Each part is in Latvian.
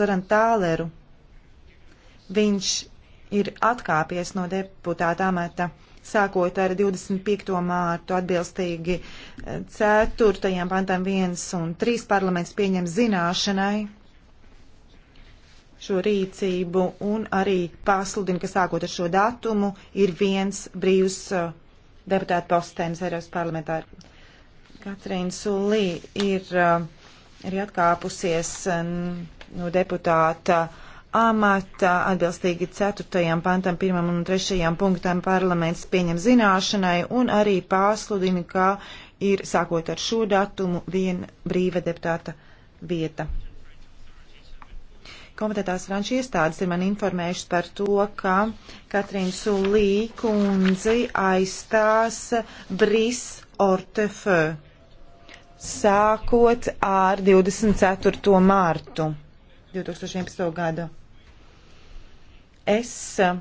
Zoran Tāleru. Viņš ir atkāpies no deputāta amata sākot ar 25. mārtu atbilstīgi 4. Eh, pantam 1 un 3 parlaments pieņem zināšanai šo rīcību un arī pasludina, ka sākot ar šo datumu ir viens brīvs eh, deputāta postējums Eiropas parlamentā. Katrīna Sulī ir eh, arī atkāpusies. Un, no deputāta amata atbilstīgi 4. pantam, 1. un 3. punktam parlaments pieņem zināšanai un arī pārsludina, ka ir sākot ar šo datumu viena brīva deputāta vieta. Komitētās franču iestādes ir man informējušas par to, ka Katrīna Sulī kundzi aizstās Bris Ortefeu sākot ar 24. mārtu. 2011. gadu. Es eh,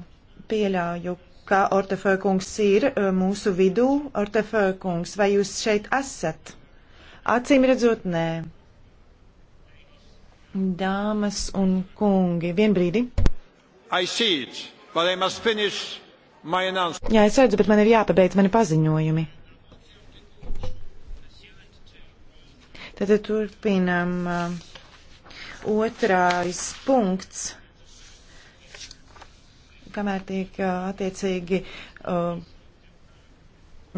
pieļauju, ka Ortefēkungs ir eh, mūsu vidū. Ortefēkungs, vai jūs šeit esat? Acīm redzot, nē. Dāmas un kungi, vien brīdi. It, Jā, es redzu, bet man ir jāpabeidz mani paziņojumi. Tātad turpinam. Uh, otrais punkts, kamēr tiek attiecīgi uh,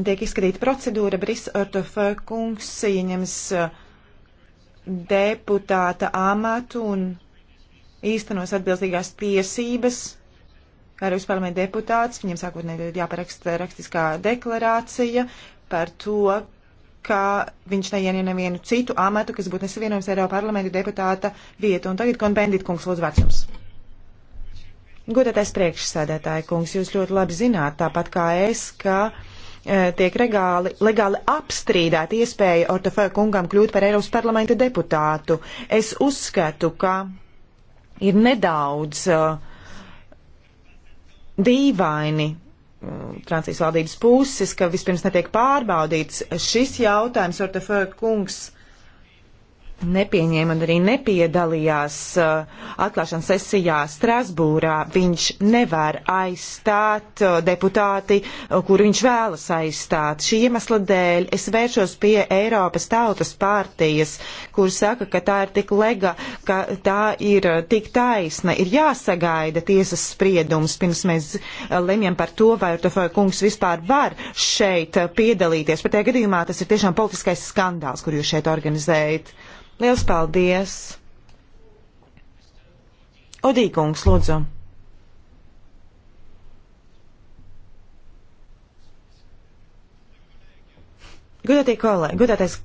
tiek izskatīta procedūra, Bris Ortofe kungs ieņems deputāta amatu un īstenos atbilstīgās tiesības kā arī uz parlamentu deputāts. Viņiem sākotnēji jāparaksta rakstiskā deklarācija par to, ka viņš neienīja nevienu citu amatu, kas būtu nesavienojams Eiropa parlamenta deputāta vietu. Un tagad konbendīt kungs lūdzu vārds jums. Godātais priekšsēdētāji kungs, jūs ļoti labi zināt, tāpat kā es, ka e, tiek regāli, legāli apstrīdēt iespēja Ortofē kungam kļūt par Eiropas parlamenta deputātu. Es uzskatu, ka ir nedaudz uh, e, dīvaini Francijas valdības puses, ka vispirms netiek pārbaudīts šis jautājums, Ortefeu kungs nepieņēma un arī nepiedalījās uh, atklāšanas sesijā Strasbūrā, viņš nevar aizstāt uh, deputāti, uh, kur viņš vēlas aizstāt. Šī iemesla dēļ es vēršos pie Eiropas tautas pārtījas, kur saka, ka tā ir tik lega, ka tā ir uh, tik taisna. Ir jāsagaida tiesas spriedums, pirms mēs uh, lemjam par to, vai Urtafoja kungs vispār var šeit uh, piedalīties. Pretējā gadījumā tas ir tiešām politiskais skandāls, kur jūs šeit organizējat. Liels paldies! Odīkungs, lūdzu! Gudātie kolēģi, gudātais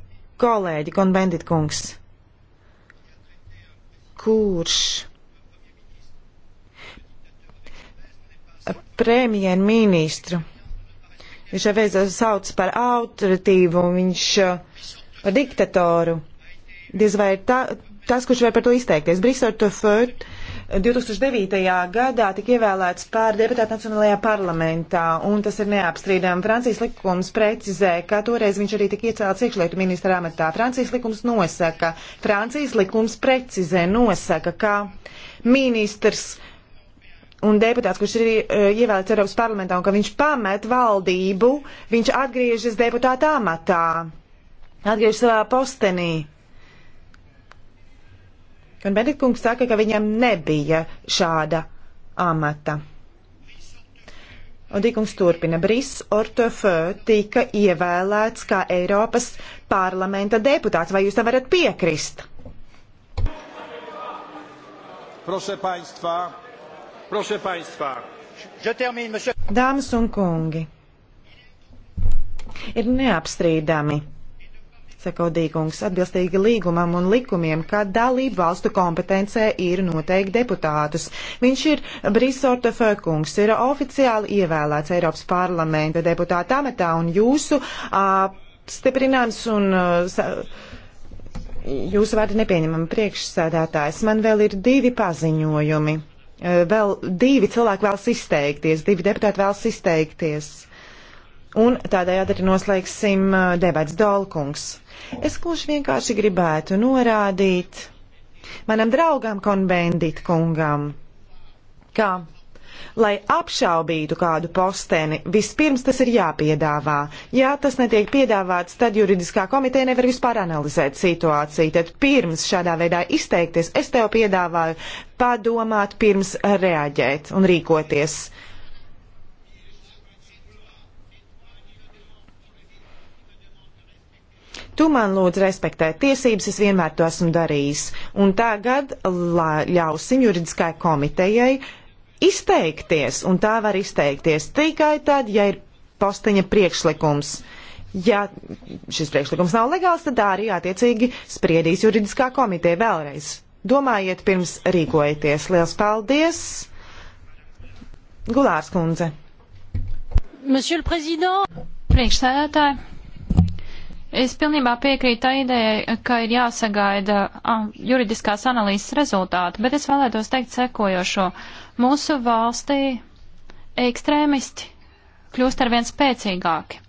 kolēģi, konbendit kungs, kurš premjerministru viņš jau veids sauc par autoritīvu, viņš eh, par diktatoru. Diez vai tā, tas, kurš var par to izteikties. Brisele Tofert 2009. gadā tika ievēlēts par deputātu Nacionālajā parlamentā, un tas ir neapstrīdami. Francijas likums precizē, ka toreiz viņš arī tika iecēlts iekšlietu ministra amatā. Francijas likums nosaka, Francijas likums precizē, nosaka, ka ministrs un deputāts, kurš ir uh, ievēlēts Eiropas parlamentā, un ka viņš pamet valdību, viņš atgriežas deputāta amatā, atgriežas savā postenī. Un Benedikts saka, ka viņam nebija šāda amata. Un Dīkungs turpina. Briss Ortofē eh, tika ievēlēts kā Eiropas parlamenta deputāts. Vai jūs tam varat piekrist? Proszę państwa, proszę państwa. Je termine, monsieur... Dāmas un kungi, ir neapstrīdami saka Odīgungs, atbilstīgi līgumam un likumiem, ka dalību valstu kompetencē ir noteikti deputātus. Viņš ir Brisorta Fökungs, ir oficiāli ievēlēts Eiropas parlamenta deputāta amatā un jūsu apstiprinājums un. Uh, Jūsu vārdi nepieņemami priekšsēdētājs. Man vēl ir divi paziņojumi. Vēl divi cilvēki vēlas izteikties, divi deputāti vēlas izteikties. Uh, Un tādējādi arī noslēgsim uh, debats Dolkungs. Es kluši vienkārši gribētu norādīt manam draugam konbendit kungam, ka, lai apšaubītu kādu posteni, vispirms tas ir jāpiedāvā. Ja tas netiek piedāvāts, tad juridiskā komiteja nevar vispār analizēt situāciju. Tad pirms šādā veidā izteikties, es tev piedāvāju padomāt, pirms reaģēt un rīkoties. Uh, Tu man lūdzu respektēt tiesības, es vienmēr to esmu darījis. Un tagad la, ļausim juridiskai komitejai izteikties, un tā var izteikties tikai tad, ja ir posteņa priekšlikums. Ja šis priekšlikums nav legāls, tad tā arī attiecīgi spriedīs juridiskā komiteja vēlreiz. Domājiet, pirms rīkojieties. Liels paldies! Gulārs kundze. Priekšsēdētāji, Es pilnībā piekrītu tā idejai, ka ir jāsagaida a, juridiskās analīzes rezultāti, bet es vēlētos teikt sekojošo. Mūsu valstī ekstrēmisti kļūst arvien spēcīgāki.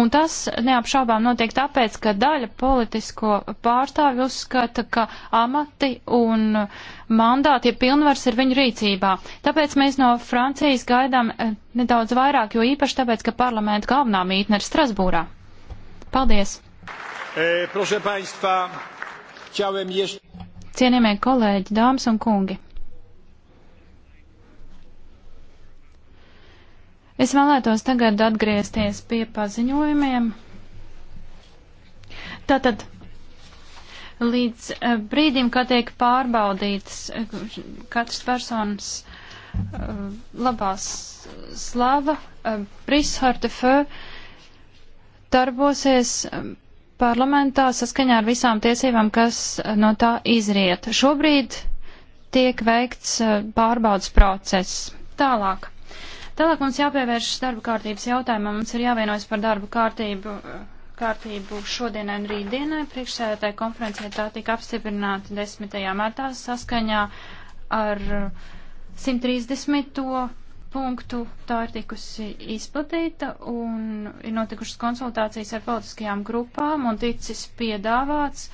Un tas neapšaubām notiek tāpēc, ka daļa politisko pārstāvju uzskata, ka amati un mandāti ja pilnvars ir viņu rīcībā. Tāpēc mēs no Francijas gaidām e, nedaudz vairāk, jo īpaši tāpēc, ka parlamenta galvenā mītne ir Strasbūrā. Paldies! E, państwa, jeszcze... Cienījamie kolēģi, dāmas un kungi! Es vēlētos tagad atgriezties pie paziņojumiem. Tātad līdz e, brīdim, kad tiek pārbaudītas e, katras personas e, labās slava, Brishorte Feu darbosies um, parlamentā saskaņā ar visām tiesībām, kas uh, no tā izriet. Šobrīd tiek veikts uh, pārbaudas process. Tālāk. Tālāk mums jāpievēršas darba kārtības jautājumam. Mums ir jāvienojas par darba kārtību, uh, kārtību šodienai un rītdienai. Priekšsēdētāji konferencijai tā tika apstiprināta 10. martā saskaņā ar 130 punktu tā ir tikusi izplatīta un ir notikušas konsultācijas ar politiskajām grupām un ticis piedāvāts